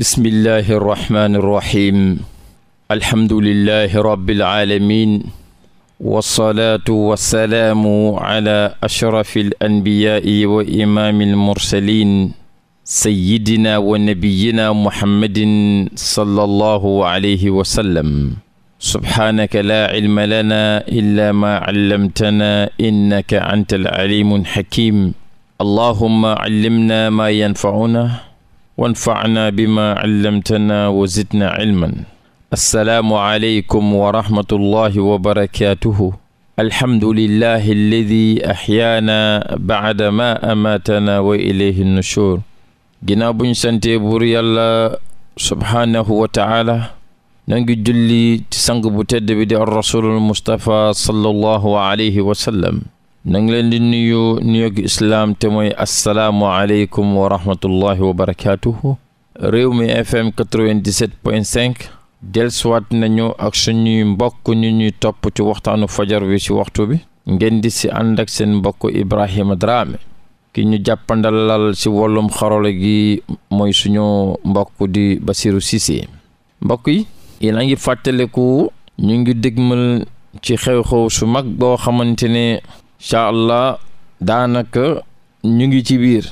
bismillahi irrahmani irrahim alhamdulilahi rabiilalamin walsalaatu wassalaamu ala ashrafi al anbiyaai wa imaami almursalin sayidina wa nabiyina muhammadin sala allahu alayhi wa sallam subhaanaka laa cilma lana illa maa callamtana innaka anta alcalimu alxakim allahuma callimna maa yanfacuna wanfacnaa bimaa callamtanaa wa zidnaa cilman assalaamu aleykum wa rahmatullahi wa barakaatuhu alhamdulillahi alladi axyaanaa bacda maa amaatanaa wa ilayhi nushuur ginnaaw buñ santee buur yàlla subhaanahu wa taala na ngi julli ci sang bu tedd bi di ar rasulul mustapha sallallahu alayhi wa sallam na ngi leen di nuyu nuyoog islaam te mooy asalaamualeykum wa rahmatullahi wa barakaatuhu réew mi fm 97.5 delsuwaat nañu ak suñuy mbokk ñu ñuy topp ci waxtaanu fajar wi ci waxtu bi ngeen di si ànd ak seen mbokk Ibrahima Drame ki ñu jàppandalal si wollum xarala gi mooy suñu mbokk di Basiru Cissé mbokk yi yéen a ngi fàttaliku ñu ngi dégmal ci xew-xew su mag boo xamante ne incha allah daanaka ñu ngi ci biir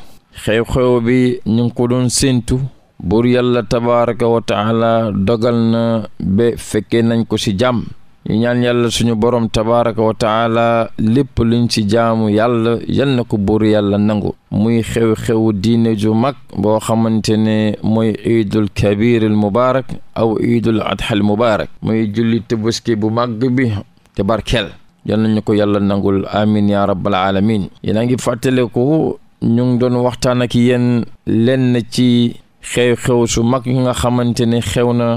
xew-xew bi ñu ngi ko doon séentu buur yàlla tabaraka wa taala dogal na ba fekkee nañ ko ci jàmm ñu ñaan yàlla suñu borom tabaraka wa taala lépp liñ ci jaamu yàlla yal na ko buur yàlla nangu muy xew-xew diine ju mag boo xamante ne mooy iidul kabir al mubaarak aw iidul adha al mubaarak muy julli tabaski bu mag bi te barkeel yal nañu ko yàlla nangul amin ya rabbal alamin yéen a ngi fàttaleku ñu ngi doon waxtaan ak yéen lenn ci xew-xew su mag yu nga xamante ne xew na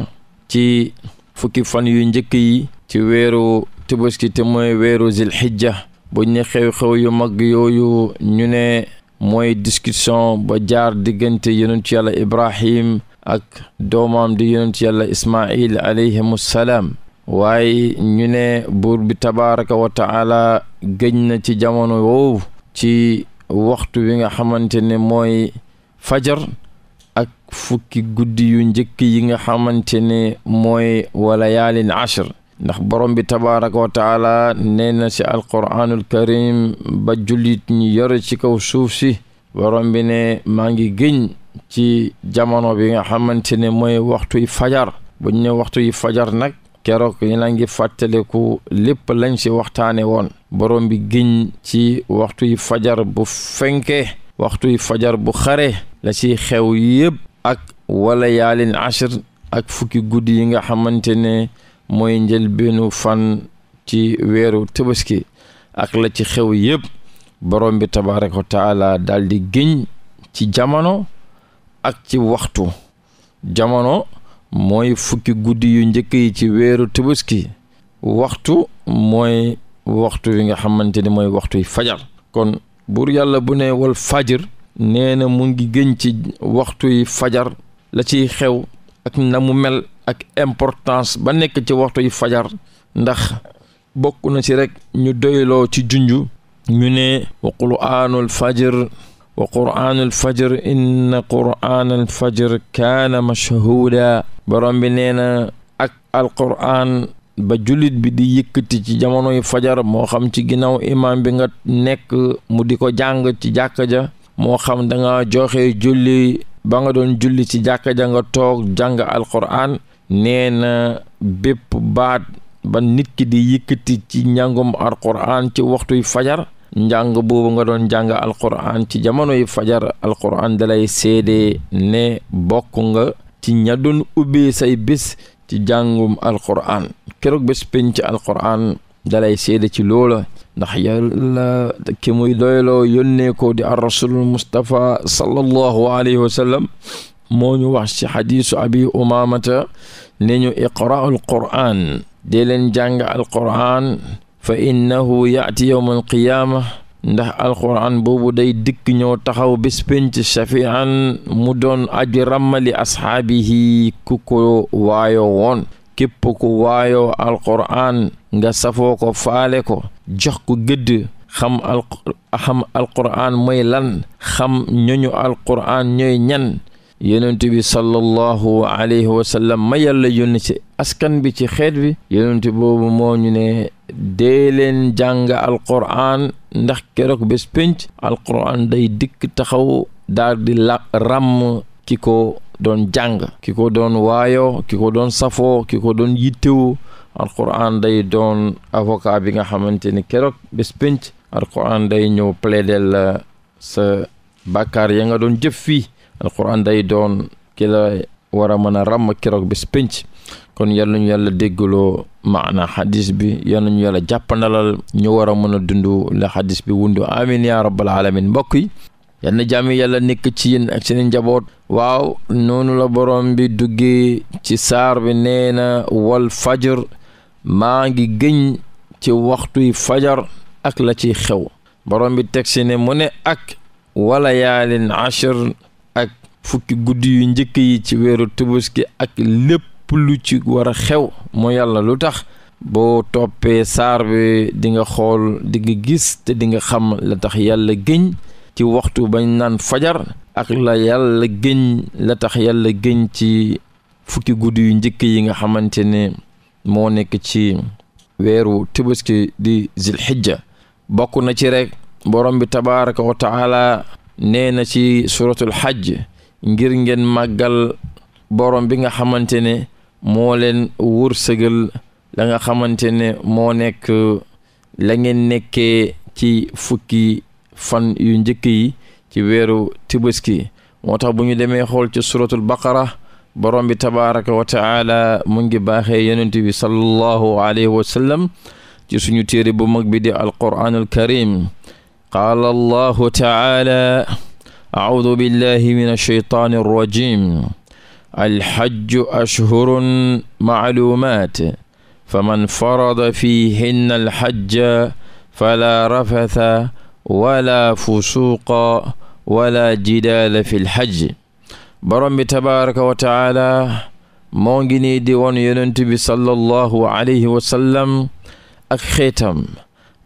ci fukki fan yu njëkk yi ci weeru tabaski te mooy weeru zilhijja bu ñu xew-xew yu mag yooyu ñu ne mooy discussion ba jaar diggante yonentu yàlla ibrahim ak doomam di yonentu yàlla ismail alayhimu waaye ñu ne buur bi tabaraka wa taala gëj na ci jamono woowu ci waxtu wi nga xamante ne mooy fajar ak fukki guddi yu njëkk yi nga xamante ne mooy wala yalin ashr ndax borom bi tabaraka wa taala nee na ci alquraanul karim ba jullit ñu yore ci kaw suuf si borom bi ne maa ngi gëñ ci jamono bi nga xamante ne mooy waxtu yi fajar buñ ne waxtu yi fajar nag keroog yi yéen ngi fàttaliku lépp lañ ci waxtaane woon borom bi giñ ci waxtu yi fajar bu fenke waxtu yi fajar bu xare la ci xew yépp ak walla yaalin ashr ak fukki guddi yi nga xamante ne mooy njëlbeenu fan ci weeru tabaski ak la ci xew yépp borom bi tabaaraka wa taala daldi giñ ci jamono ak ci waxtu jamono mooy fukki guddi yu njëkk yi ci weeru tabaski waxtu mooy waxtu wi nga xamante ni mooy waxtu yi fajar kon buur yàlla bu nee wal fajir nee na mu ngi gën ci waxtu yi fajar la ciy xew ak na mu mel ak importance ba nekk ci waxtu yi fajar ndax bokk na ci rekk ñu doyloo ci junj ñu ne wa quraanul fajir wa quraanul fajr inna quraanal fajr kaana mashhuuda borom bi nee na ak alquraan ba jullit bi di yëkkati ci jamonoy fajar moo xam ci ginnaaw imaam bi nga nekk mu di ko jàng ci jàkka ja moo xam danga joxe julli ba nga doon julli ci jàkk ja nga toog jàng alquraan nee na bépp baat ba nit ki di yëkkati ci njàngum alquraan ci waxtuy fajar njàng boobu nga doon jàng alquran ci jamono yi fajar alquran dalay seede ne bokk nga ci ña doon ubbee say bés ci jàngum alquran keroog bés penc alquran dalay seede ci loola ndax yàlla ki muy doyloo yónnee ko di ar mustafa mustapha sallallahu alayhi wa moo ñu wax ci xadiisu abi umaamata ne ñu iqra'u alquran dee leen jàng alquran fa innahu yaati yowmal qiyaama ndax alquran boobu day dikk ñoo taxaw bés penc mu doon aji ràmmali asxaabihi ku ko waayoo woon képp ku waayoo alquran nga safoo ko faale ko jox ko gëdd xam al xam alquran lan xam ñoñu alquran ñooy ñan yonent bi sallallahu alayhi wa sallam ma yàlla yónni ci askan bi ci xeet bi yonent boobu moo ñu ne dee leen jàng alquran ndax keroog bés pénc alquran day dikk taxaw daal di la ràmm ki ko doon jàng ki ko doon waayo ki ko doon safoo ki ko doon yittewoo alquran day doon avocat bi nga xamante ni keroog bés pénc alquran day ñëw plaider la sa bàkkaar ya nga doon jëf fii alquran day doon kilo la war a mën a ràmm keroog bi pénc kon yalla nañu yàlla déggaloo maana xadis bi yal nañu yàlla jàppandalal ñu war a mën a dund la xadis bi wundu amin ya rabbal alamin mbokk yi yal na jàmm yàlla nekk ci yéen ak seen njaboot waaw noonu la borom bi duggee ci saar bi nee na wal fajar maa ngi gëñ ci waxtuy fajar ak la ci xew borom bi teg mu ne ak wala yaalin ashir fukki guddi yu njëkk yi ci weeru tabaski ak lépp lu ci war a xew moo yàlla lu tax boo toppee saar bi dinga xool dinga gis te dinga xam la tax yàlla géñ ci waxtu bañ naan fajar ak la yàlla géñ la tax yàlla géñ ci fukki guddi yu njëkk yi nga xamante ne moo nekk ci weeru tabaski di zilxijja bokk na ci rek borom bi tabaraka wa nee na ci suratul xajj ngir ngeen màggal borom bi nga xamante ne moo leen wur wërsëgal la nga xamante ne moo nekk la ngeen nekkee ci fukki fan yu njëkk yi ci weeru tibaski moo tax bu ñu demee xool ci suratul baqara borom bi tabaraka wa taala mu ngi baaxee yonent bi sallallahu alayhi wa sallam ci suñu téere bu mag bi di alquranul karim qaala allahu taala أعوذ بالله من الشيطان الرجيم الحج أشهر معلومات فمن فرض فيهن الحج فلا رفث ولا فسوق wala jidaala fi lhajj borom bi tabaraka wa taala moo ngi nii di won yonent bi sallallahu alayhi wa sallam ak xeetam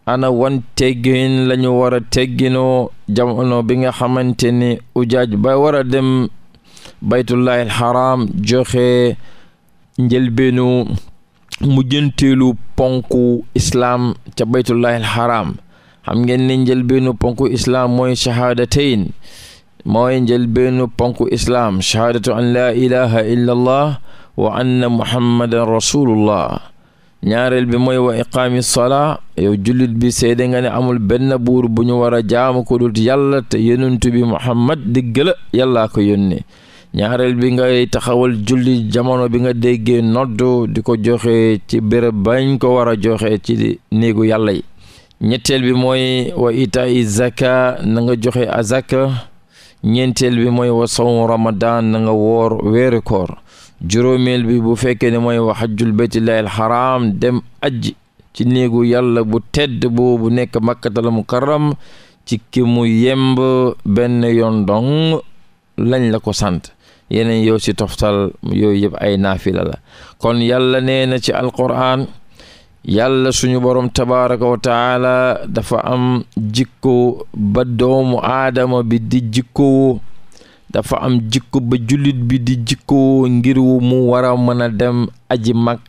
ana wan teggin la ñu war a tegginoo jamono bi nga xamante ni ujaaj ba war a dem baytullahi alxaram joxe njëlbeenu mujjanteelu ponku islaam ca baytullahi alxaram xam ngeen ni njëlbeenu ponku islaam mooy shahaadatain mooy njëlbeenu ponku islaam shahaadatu an laa ilaha illa wa anna muhammadan rasulullah ñaareel bi mooy wa iqaami salaa yow jullit bi seede nga ne amul benn buur bu ñu war a jaamu ko dul yàlla te yonent bi muhammad digg la yàllaa ko yónnee ñaareel bi ngay taxawal julli jamono bi nga déggee nodd di ko joxe ci béréb bañ ko war a joxe ci néegu yàlla yi ñetteel bi mooy wa ita i zaka joxe azaka ñeenteel bi mooy wa sawm ramadan na nga woor weeri koor juróomeel bi bu fekkee ne mooy wax hajjul baytillahi alxaraam dem ajj ci néegu yàlla bu tedd boobu nekk makkatal karam ci ki mu yemb benn yoon dong lañ la ko sant yeneen yow si toftal yooyu yëpp ay naafila la kon yàlla nee ci alquran yàlla suñu borom tabaraka wa dafa am jikko ba doomu aadama bi di jikkowo dafa am jikko ba jullit bi di jikko ngir mu war a mën a dem aji mag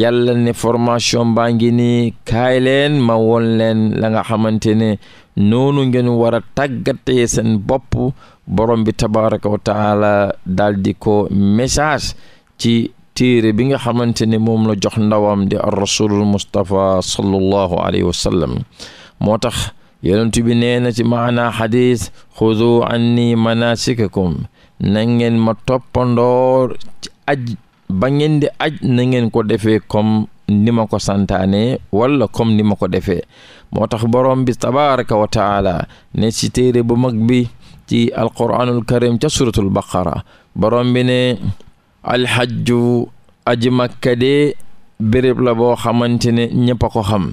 yàlla ne formation baa ngi ni kaay leen ma woon leen la nga xamante ne noonu ngeen war a tàggatee seen bopp borom bi tabaraka wa taala daal di ko message ci téere bi nga xamante ne moom la jox ndawam di ar rasulul mustapha sallallahu alayhi moo tax yonent bi nee na ci maanaa xadis xudu anni manasikakum na ngeen ma toppandoor ci aj ba di aj na ngeen ko defee comme ni ma ko santaane wala comme ni ma ko defee moo tax borom bi tabaraka wa taala ne ci téere bu mag bi ci alquranul karim ca suratul baqara borom bi ne alxajju aji makka de béréb la boo xamante ne ñëpp a ko xam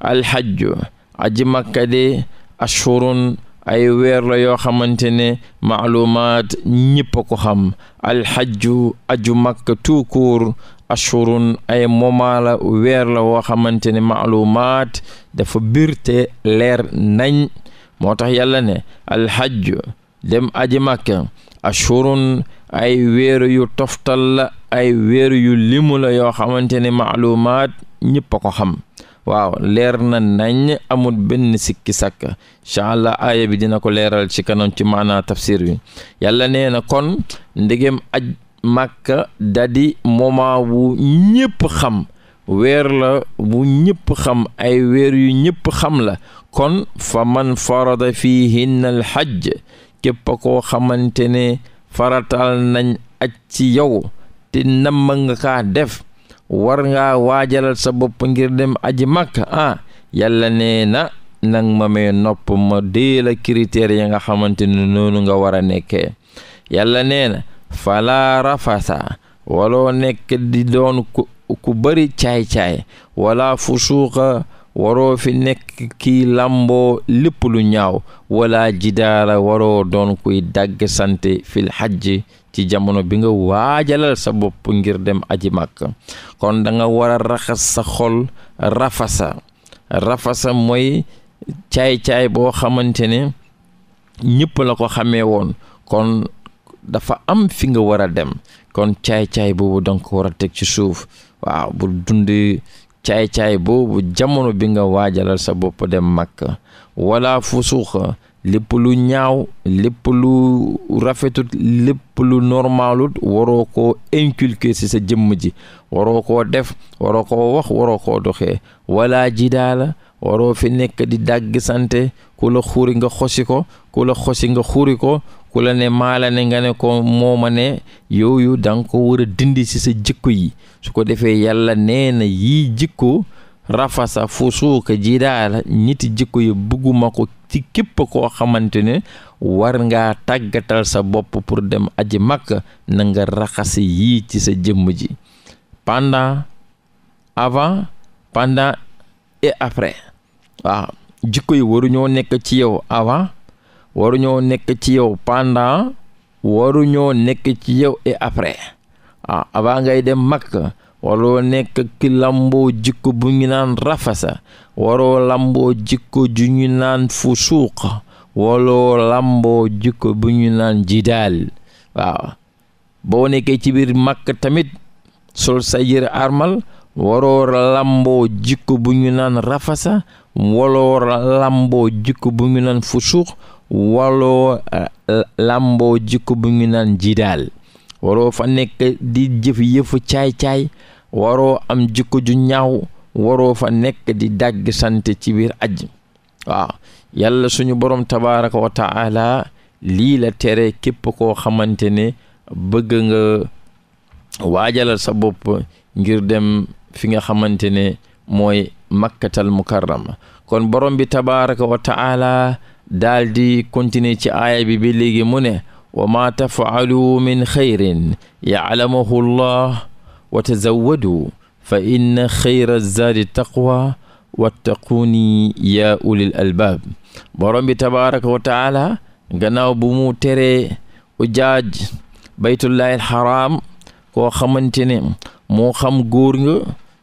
alxajju aji makka de ashurun ay weer la yoo xamante ne maalumaat ñëpp ko xam alxajju aju makka tout court ay momaa la weer la woo xamante ne maalumaat dafa birte leer nañ moo tax yàlla ne alxajju dem aji makka ashurun ay weer yu toftal la ay weer yu limu la yoo xamante ne maalumaat ñëpp ko xam waaw leer na nañ amul benn sikki sàkk incha allah aaya bi dina ko leeral ci kanam ci maanaa tafsir bi yàlla nee na kon ndegem aj màkka dadi moment wu ñëpp xam weer la bu ñëpp xam ay weer yu ñëpp xam la kon fa man farada fiihinna al hajj képp a koo xamante ne faratal nañ aj ci yow te namm nga kaa def war ngaa waajalal sa bopp ngir dem aji màkk ah yàlla nee na nag ma mee nopp ma dee la ya nga xamante ne noonu nga war a nekkee yàlla nee na falaa rafasa waloo nekk di doon ku bari caay-caay wala fusuuqa waroo fi nekk kii làmboo lépp lu ñaaw wala jidaara waroo doon kuy dàgg sante fil xajj ci jamono bi nga waajalal sa bopp ngir dem aji màkk kon da nga war a raxas sa xol rafasa rafasa mooy caay-caay boo xamante ne ñëpp la ko xamee woon kon dafa am fi nga war a dem kon caay-caay boobu danga ko war a teg ci suuf waaw bu dund caay-caay boobu jamono bi nga waajalal sa bopp dem màkk wala fusuuxa lépp lu ñaaw lépp lu rafetut lépp lu normalut waroo ko inculquer ci sa jëmm ji waroo ko def waroo ko wax waroo koo doxee wala jidaala waroo fi nekk di dàgg sante ku la xuuri nga xosi ko ku la xosi nga xuuri ko ku la ne maala ne nga ne ko mooma ne yooyu danga ko war a dindi ci sa jikko yi su ko defee yàlla nee na yii jikko rafasa fusuuka jidaala ñiti jikko yi bëgguma ko ci képp koo xamante ne war nga tàggatal sa bopp pour dem aji màkk na nga raxasi yii ci sa jëmm ji pendant avant pendant et après waaw jikko yi waruñoo nekk ci yow avant waruñoo nekk ci yow pendant waruñoo nekk ci yow et après waaw avant ngay dem màkk waroo nekk ki lamboo jikko bu ñu naan rafasa waroo lamboo jikko ju ñu naan fusuuq waroo lamboo jikko bu ñu naan jidaal waaw boo nekkee ci biir màkk tamit sol sa yére armal waroo lamboo jikko bu ñu naan rafasa waroo lamboo jikko bu ñu naan fusuuq waroo eh, lamboo jikko bu ñu naan jidaal waroo fa nekk di jëf yëfu caay-caay waroo am jikko ju ñaaw waroo fa nekk di dàgg sant ci biir ajj yàlla suñu borom tabaaraka wa taala lii la tere képp koo xamante ne bëgg nga waajalal sa bopp ngir dem fi nga xamante ne mooy makkatal mukarrama kon borom bi tabaaraka wa taala daal di continuer ci aaya bi léegi mu ne wa maa tafaaluu min xayrin yaclamahu llah wa tazawwaduu fa inna xayra zaadi taqwa wattaquuni yaa ulil albaab borom bi tabaraka wa taala gannaaw bu mu teree ujaaj baytullahi alxaraam koo xamante ne moo xam góor nga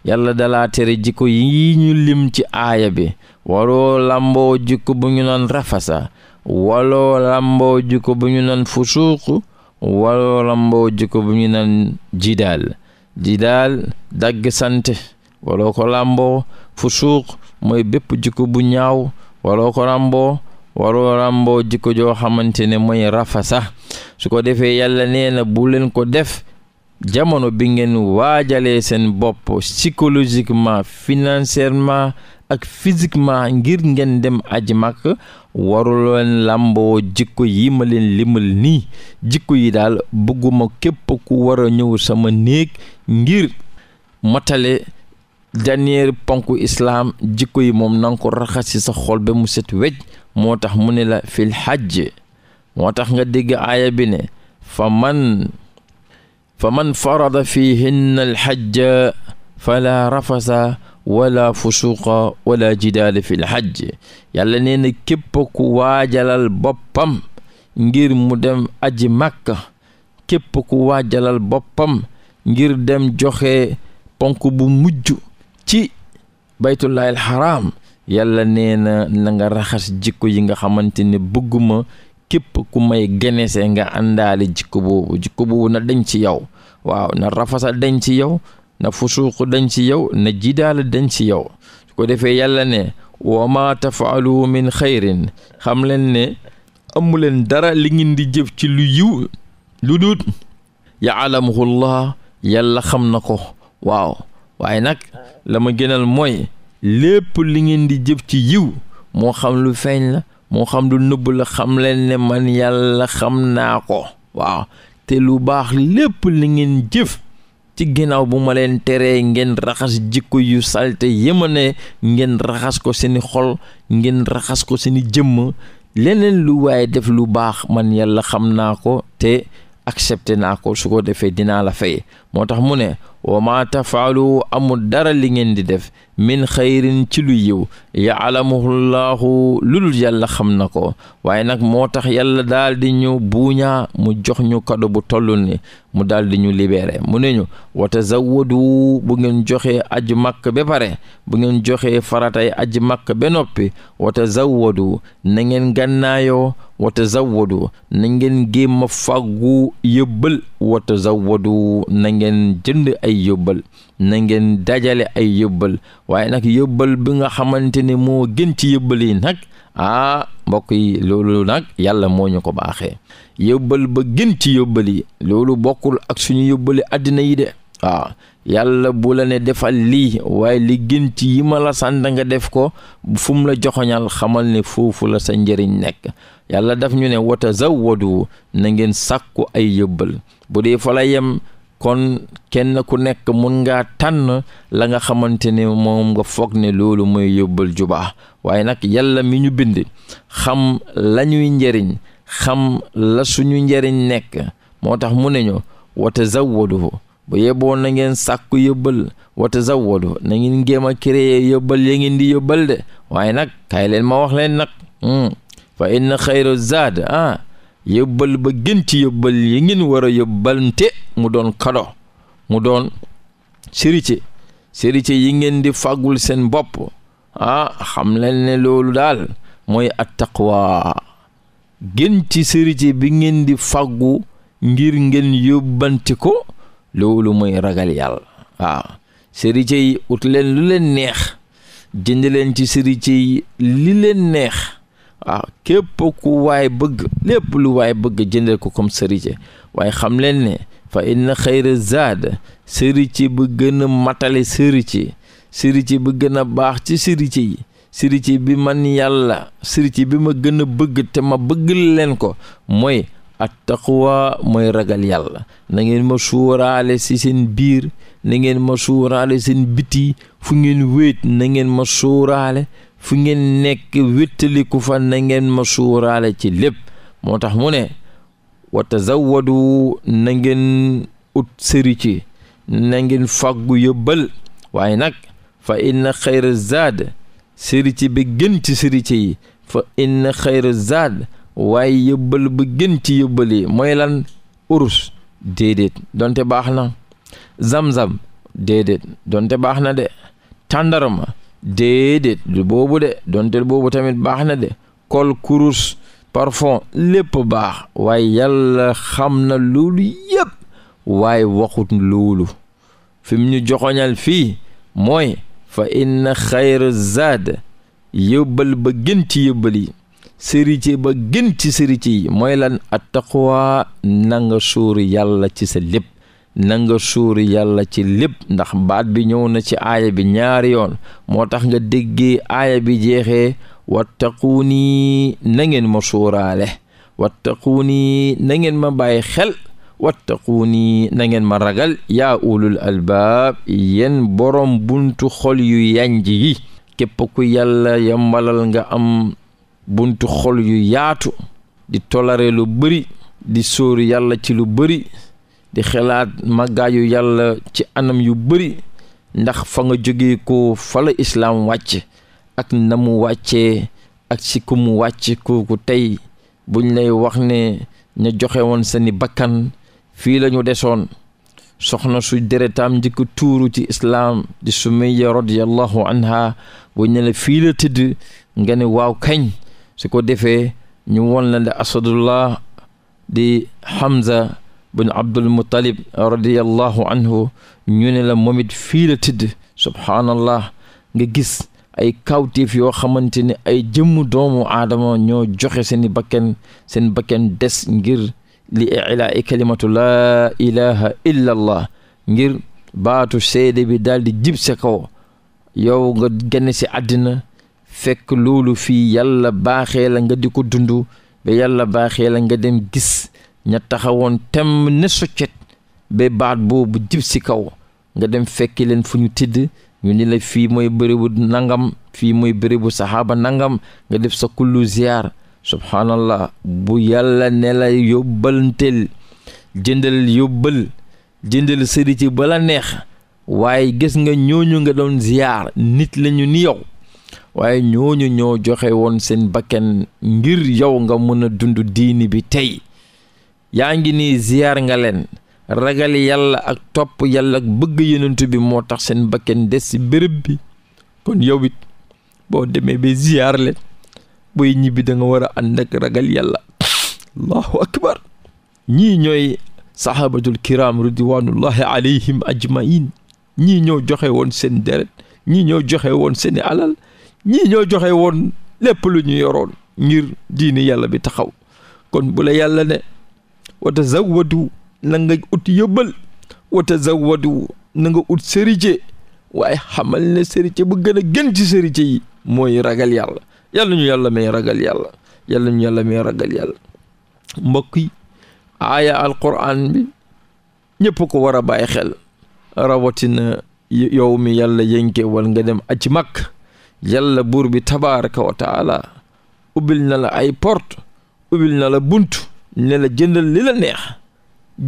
yàlla dalaa tere jikko yi ñu lim ci aaya bi waroo lamboo jikko bu ñu naan rafasa waloo làmboo jikko bu ñu nan naan fusuuq waloo làmboo jikko bu ñu naan jidaal jidaal dagg sante waloo ko fu fusuuq mooy bépp jikko bu ñaaw waloo ko làmboo walo làmboo jikko joo xamante ne mooy sax su ko defee yàlla nee na bu leen ko def jamono bi ngeen waajalee seen bopp psychologiquement financièrement ak physiquement ngir ngeen dem aj màkk waruloon làmboo jikko yi ma leen limal nii jikko yi daal bëgguma képp ku war a ñëw sama néeg ngir motale dernier ponk islaam jikko yi moom nanga raxas ci sa xol ba mu set wecc moo tax mu ne la fil xaj moo tax nga dégg aaya bi ne fa man fa man farada fihinna al hajja fala rafasa wala fusuqa wala jidaala fi lxajj yàlla nee na képp ku waajalal boppam ngir mu dem aji màkk képp ku waajalal boppam ngir dem joxe ponk bu mujj ci baytullahi alxaraam yàlla nee na nga raxas jikko yi nga xamante ne bëgguma képp ku may genese nga àndale jikko boobu jikko boobu na deñ ci yow waaw na rafasa deñ ci yow na fusuuq dañ ci yow na jidaal dañ ci yow su ko defee yàlla ne wa ma tafaalu min xayrin xam leen ne amuleen dara li ngeen di jëf ci lu yiw lu duut yaalamuhu llah yàlla xam na ko waaw waaye nag la ma gënal mooy lépp li ngeen di jëf ci yiw moo xam lu feeñ la moo xam lu nëbb la xam leen ne man yàlla xam naa ko waaw te lu baax lépp li ngeen jëf ci ginnaaw bu ma leen teree ngeen raxas jikko yu salte yémane ngeen raxas ko seeni xol ngeen raxas ko seeni jëmm leneen lu waaye def lu baax man yàlla xam naa ko te accepté naa ko su ko defee dinaa la fay moo tax mu ne wa maa tafaalu amul dara li ngeen di def min xayrin ci lu yiw lu lul yàlla xam na ko waaye nag moo tax yàlla daal di ñu buuñaa mu jox ñu kado bu toll ni mu daal di ñu libeere mu ne ñu wa tazawwadu bu ngeen joxee aji màkk ba pare bu ngeen joxee faratay aji màkk ba noppi wa tazawwadu na ngeen gànnaayoo wa tazawwadu na ngeen géem a fàggu yëbbal wa tazawwadu na ngeen jënd ay yóbbal na ngeen dajale ay yóbbal waaye nag yóbbal bi nga xamante ni moo gën ci yóbbali nag ah mbokk yi loolu nag yàlla moo ñu ko baaxee yóbbal ba gën ci yóbbal yi loolu bokkul ak suñu yóbbali àddina yi de waaw ah, yàlla bu la ne defal lii waaye li gën ci yi ma la sant nga def ko fu mu la joxoñal xamal ne foofu la sa njëriñ nekk yàlla daf ñu ne wata zawwadu na ngeen sàkku ay yóbbal bu dee fa yem kon kenn ku nekk mun ngaa tànn la nga xamante ne moom nga foog ne loolu mooy yóbbal jubaa waaye nag yàlla mi ñu bind xam lañuy njariñ xam la suñu njariñ nekk moo tax mu ne ñu wa tazawwadu bu yeboo na ngeen sàkku yóbbal wa tazawwadu na ngeen géem a créer yóbbal ya ngeen di yóbbal de waaye nag kaay ma wax leen nag hmm, fa inna xayru zaad ah yóbbal ba gën ci yóbbal yi ngeen war a yóbbalante mu doon kado mu doon sérité sérité yi ngeen di fàggul seen bopp ah xam leen ne loolu daal mooy attaqwa gën ci sérité bi ngeen di fàggu ngir ngeen yóbbante ko loolu mooy ragal yàlla waaw ah, sérité yi ut leen lu leen neex jënd leen ci sérité yi li leen neex waaw képp ku waay bëgg lépp lu waay bëgg jëndee ko comme sërice waaye xam leen ne fa inna xayra sëri ci bu gën a matale sërice sërice bu gën a baax ci sërice yi sërice bi man yàlla sërice bi ma gën a bëgg te ma bëgg leen ko mooy at taqwa mooy ragal yàlla na ngeen ma suuraale si seen biir na ngeen ma suuraale seen biti fu ngeen wéet na ngeen ma suuraale fu ngeen nekk wéttaliku fa na ngeen ma suuraale ci lépp moo tax mu ne wa tazawwadu na ngeen ut sëri ci ngeen fàggu yóbbal waaye nag fa inna xayra zaad sëri bi gën ci sëri yi fa inna xayra zaad waaye yóbbal bi gën ci yóbbal yi mooy lan urus déedéet donte baax na zam-zam déedéet donte baax na de tàndarama déedéet du boobu de donte boobu tamit baax na de kol kurus parfum lépp baax waaye yàlla xam na loolu yépp waaye waxut loolu fi mu ñu joxoñal fii mooy fa inna xayra zaad yóbbal ba gën ci yóbbal yi sërice ba gën ci sërice yi mooy lan attaqwa na nga sóoru yàlla ci sa lépp nanga nga suur yàlla ci lépp ndax baat bi ñëw na ci aaya bi ñaari yoon moo tax nga déggee aaya bi jeexee wattaquuni na ngeen ma suuraale wattaquuni na nangeen ma bàyyi xel wattaquuni na ngeen ma ragal yaa ulul albaab yéen boroom buntu xol yu yanj yi képp ku yàlla yombalal nga am buntu xol yu yaatu di tolare lu bëri di sóor yàlla ci lu bari di xalaat màggaayu yàlla ci anam yu bëri ndax fa nga jóge ko fa la islaam wàcc ak na mu wàccee ak si ku mu wàcc kooku tey buñ lay wax ne ñu joxe woon seeni bakkan fii lañu desoon soxna su deretaam njëkk tuuru ci islaam di sumayya radiyallahu anha buñ ne la fii la tëdd nga ne waaw kañ su ko defee ñu won la ne asadullah di hamza bin abdul muttalib radiallahu anhu ñu ne la moom fii la tëdd subhaanallah nga gis ay kawtiif yoo xamante ne ay jëmm doomu aadama ñoo joxe seeni bakken seen bakken des ngir li ilaa i kalimatu laa ilaha illa ngir baatu seede bi daal di jib sa yow nga gane si àddina fekk loolu fii yàlla baaxee nga di ko dund ba yàlla baaxee la nga dem gis ña taxawoon tem ne soccet ba baat boobu jib si kaw nga dem fekki leen fu ñu tidd ñu ni la fii mooy bërëbu nangam fii mooy bërëbu saxaaba nangam nga def sa kullu ziyaar subhaanallah bu yàlla ne la yóbbalanteel jëndal yóbbal jëndal sëri ci bala neex waaye gis nga ñooñu nga doon ziyaar nit lañu ni yow waaye ñooñu ñoo joxe woon seen bakken ngir yow nga mën a dund diini bi tey yaa ngi nii ziyaar nga leen ragal yàlla ak topp yàlla ak bëgg yonent bi moo tax seen bakken des ci bërëb bi kon yow boo demee bi ziyaar leen booy ñibbi danga war a ànd ak ragal yàlla allahu akbar ñii ñooy sahabatul kiram ridwanullahi alayhim ajmain ñii ñoo joxe woon seen deret ñii ñoo joxe woon seeni alal ñii ñoo joxe woon lépp lu ñu yoroon ngir diini yàlla bi taxaw kon bu la yàlla ne wa tazawwadu na nga ut yóbbal wa ut sërite waaye xamal ne sërite bu gën a gën ci sërite mooy ragal yàlla yàlla ñu yàlla may ragal yàlla yàlla ñu yàlla ragal yàlla mbokk yi aaya alquran bi ko war a bàyyi xel rawatina yow mi yàlla yënke wal nga dem aji mag yàlla buur bi tabaraka wa ubbil na ay porte ubbil na la bunt ne la jëndal li la neex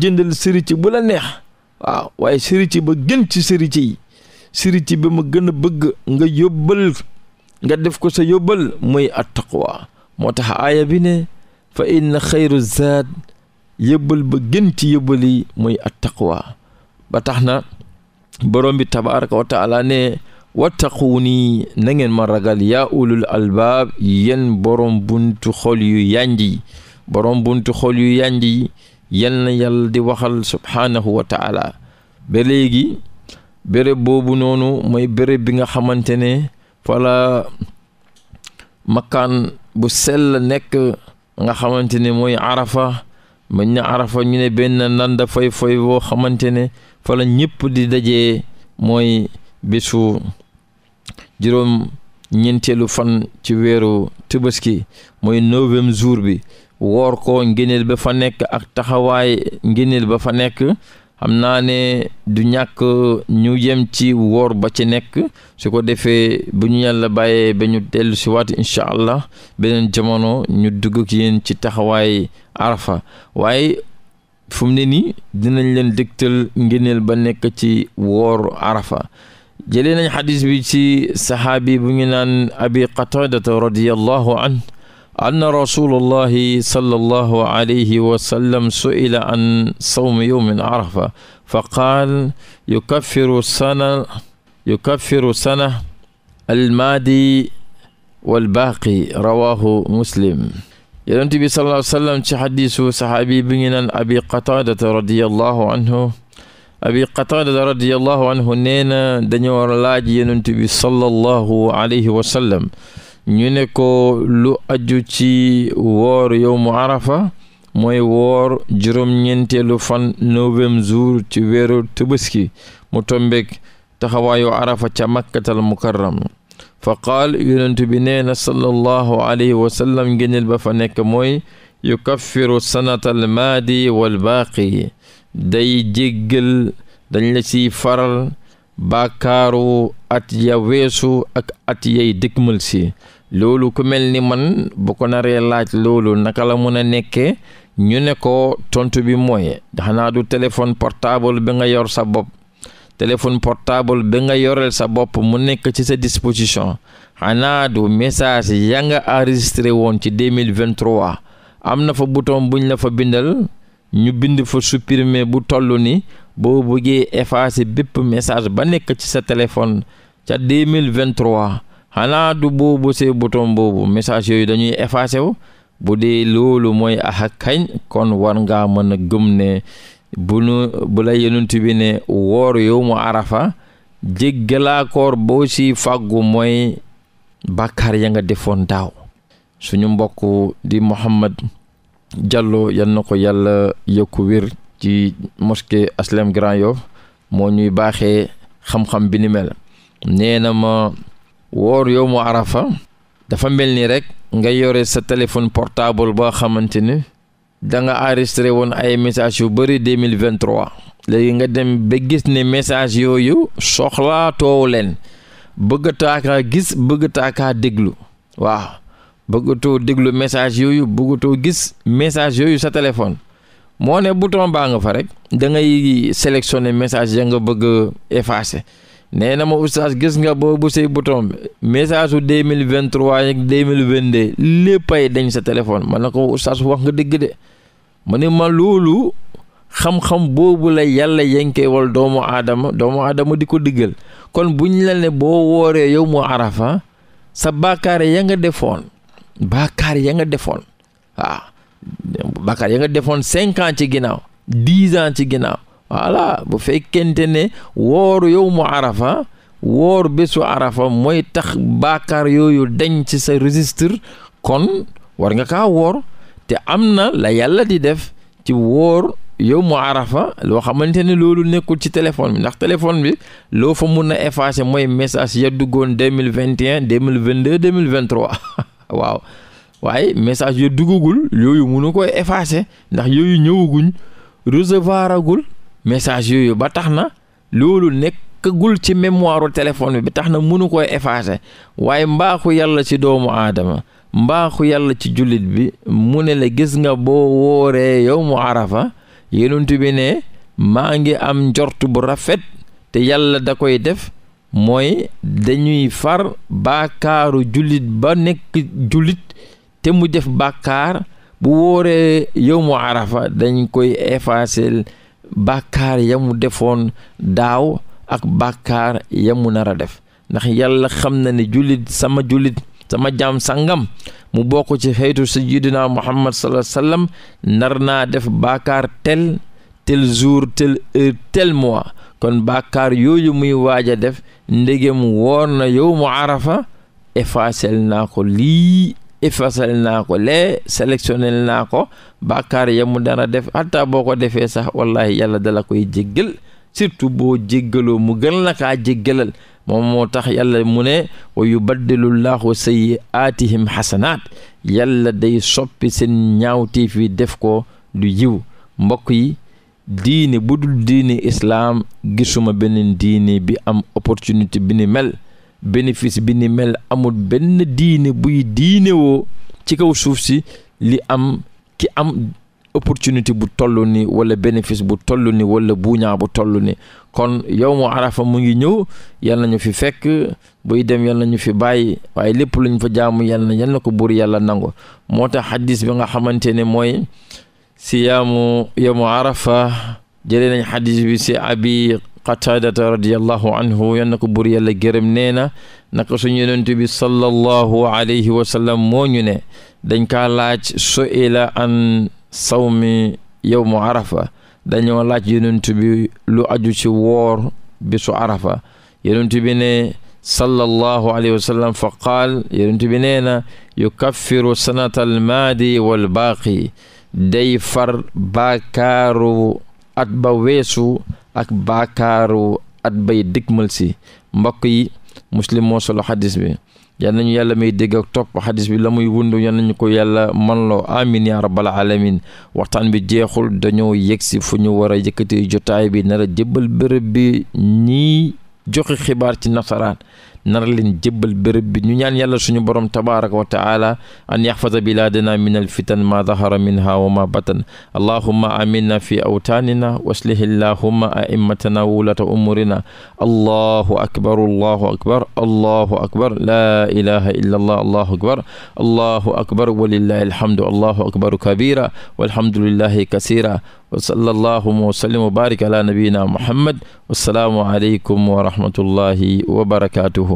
jëndal sërici bu la neex waaw waaye sërici ba gën ci sërici yi sërici ba ma gën a bëgg nga yóbbal nga def ko sa yóbbal mooy attaqwa moo tax aaya bi ne fa inna xayru zaad yóbbal ba gën ci yóbbal yi mooy attaqwa ba tax na borom bi tabaraka wa taala ne wattaquuni na ngeen ma ragal yaa ulul albaab yéen borom buntu xol yu yànji borom buntu xol yu yànj yi yal na yàlla di waxal subhaanahu wa ba léegi béréb boobu noonu mooy béréb bi nga xamante ne fala makan bu sell nekk nga xamante ne mooy arafa mën na arafa ñu ne benn nanda foy foy woo xamante ne fala ñëpp di dajee mooy bésu juróom ñeenteelu fan ci weeru Tabaski mooy neuvième jour bi woor ko ngëneel ba fa nekk ak taxawaay ngëneel ba fa nekk xam naa ne du ñàkk ñu yem ci woor ba ci nekk su ko defee bu ñu yàlla bàyyee ba ñu dellu si waat incha allah beneen jamono ñu dugg ak yéen ci taxawaay arafa waaye fu ne nii dinañ leen dégtal ngëneel ba nekk ci woor arafa jëlee nañ xadis bi ci saxaabi bu ngi naan abi qataadata radiyallahu an anna rasulullahi sallallahu alayhi wa sallam su'ila an sawmi yawmin arafa fa qaal yukaffiru sana yukaffiru sana almaadi walbaaqi rawahu muslim yonent bi sallallahu alayhi wa sallam ci xadiisu saxaabi bi ngi naan abi qataadata radiyallahu anhu abi qataadata radiyallahu anhu nee na dañoo laaj yonent bi sallallahu alayhi wa sallam ñu ne ko lu aju ci woor yowmu arafa mooy woor juróom-ñeenteelu fan neuvième jour ci weeru tabaski mu tombeek taxawaayu arafa ca makkatal mukarram fa qaal yonent bi nee na sallallahu alayhi wa sallam ba fa nekk mooy yukaffiru sanatal maadi wal baaqi day jéggal dañ la ciy faral baakaaru at ya weesu ak at yay dëkkmal si loolu ku mel ni man bu ko naree laaj loolu naka la mun a nekkee ñu ne ko tontu bi mooy xanaa du téléphone portable bi nga yor sa bopp téléphone portable bi nga yoreel sa bopp mu nekk ci sa disposition xanaa du message ya nga enregistré woon ci 2023 am na fa bouton buñ la fa bindal ñu bind fa supprimer bu toll ni boo bëggee effacer bépp message ba nekk ci sa téléphone ca 2023 xanaa du boobu see bouton boobu message yooyu dañuy effacé wu bu dee loolu mooy axa kañ kon war nga mën a gëm ne bu nu bu la yonent bi ne woor yow mu arafa jéggalaakoor boo si fàggu mooy bàkkaar ya nga defoon daaw suñu mbokk di Mohammed Diallo yal ko yàlla yokku wér ci mosquée Aslem Grand Yoff moo ñuy baaxee xam-xam bi mel nee ma woor yow mu arafa dafa mel ni rek nga yore sa téléphone portable boo xamante ni da nga enregistré woon ay message yu bëri 2023 léegi nga dem ba gis ne message yooyu soxlaa toow leen bëgg gis bëgg déglu waaw bëggatoo déglu message yooyu bëggatoo gis message yooyu sa téléphone moo ne bouton baa nga fa rek da ngay sélectionner message ya nga bëgg effacer nee na ma oustaz gis nga boobu say bouton message su deux mille vingt trois ak deux mille vingt deux dañ sa téléphone man ne ko oustaz wax nga dëgg de ma ne ma loolu xam-xam boobu la yàlla yenkeewal doomu aadama doomu aadama di ko diggal kon buñ la ne boo wooree yow mu arafa sa baakaar ya nga defoon baakaar ya nga defoon waaw baakaar ya nga defoon cinq ci ginnaaw dix ans ci ginnaaw voilà bu fekkente ne woor yow mu arafa woor bésu arafa mooy tax baakaar yooyu dañ ci sa registre kon war nga kaa woor te am na la yàlla di def ci woor yow mu arafa loo xamante ne loolu nekkul ci téléphone bi ndax téléphone bi loo fa mun a effacer mooy message ya duggoon deux mille vingt et un vingt deux deux mille vingt trois waaw waaye message ya duggagul yooyu munu koy effacer ndax yooyu ñëwaguñ recevoir message yooyu ba tax na loolu nekkagul ci mémoire téléphone bi tax na mënu koy effacer waaye mbaaxu yàlla ci doomu aadama mbaaxu yàlla ci jullit bi mu ne la gis nga boo wooree yow mu arafa yonent bi ne maa ngi am njort bu rafet te yàlla da koy def mooy dañuy far bàkkaaru jullit ba nekk jullit te mu def bàkkaar bu wooree yow mu arafa dañ koy effacer bàkkaar ya mu defoon daaw ak bàkkaar ya mu nar def ndax yàlla xam na ne jullit sama jullit sama jaam sangam mu bokk ci xeytu sayyidina muhammad sallallahu alayhi wasallam nar naa def bàkkaar tel tel jour tel heure tel mois kon bàkkaar yooyu muy waaj a def ndegem woor na yow mu arafa effacel naa ko lii ifasal naa ko lee sélectionnel naa ko bàkkaar ya mu dara def hatta boo ko defee sax wallahi yàlla dala koy jéggal surtout boo jéggaloo mu gën la kaa jéggalal moom moo tax yàlla mu ne wa yubaddilu llahu sayyi'aatihim xasanaat yàlla day soppi seen ñaawteef yi def ko du yiw mbokk yi diine bu dul diine islaam gisuma beneen diine bi am opportunité bi ni mel bénéfice bi ni mel amul benn diine buy diine ci kaw suuf si li am ki am opportunité bu toll ni wala bénéfice bu toll ni wala buñaa bu toll ni kon yow mu arafa mu ngi ñëw yal na ñu fi fekk buy dem yal na ñu fi bàyyi waaye lépp lu ñu fa jaamu yal na yal na ko buur yàlla nangu moo tax xadis bi nga xamante ne mooy si siyaamu yawmu arafa jëlee nañ xadis bi si abi qataadata radiallahu anhu yan na ko buur yàlla gërëm nee na naka suñu yonent bi sallallahu alayhi wa sallam moo ñu ne dañ kaa laaj su'ila an sawmi yowmu arafa dañoo laaj yonent bi lu aju ci woor bisu arafa yonent bi ne alayhi wa fa qaal yonent bi nee na yukaffiru almaadi walbaaqi day far baakaaru at ba weesu ak baakaaru at bay dikmal si mbokk yi muslim moo solo xadis bi yal nañu yàlla may dégg ak topp xadis bi la muy wund yan nañu ko yàlla manloo amin ya rabbal alamin waxtaan bi jeexul dañoo yegg si fu ñu war a yëkkati jotaay bi nar a jébbal bërëb bi ñiy joxe xibaar ci nasaraan nara leen jébbal béréb bi ñu ñaan yàlla suñu borom tabaraka wa taala an yaxfaza bilaadana min alfitan ma dahara minha wa ma batan allahumma aminna fi awtaanina wa aslih allahumma aimmatana wa wulata umurina allahu akbar allahu akbar allahu akbar laa ilaha illa allah allahu akbar allahu akbar walillahi alhamdu allahu akbaru kabira walhamdulillahi kasira wa sallallahu wa sallim wa barik ala nabiyina muhammad wassalaamu aleykum wa rahmatullahi wa barakatuhu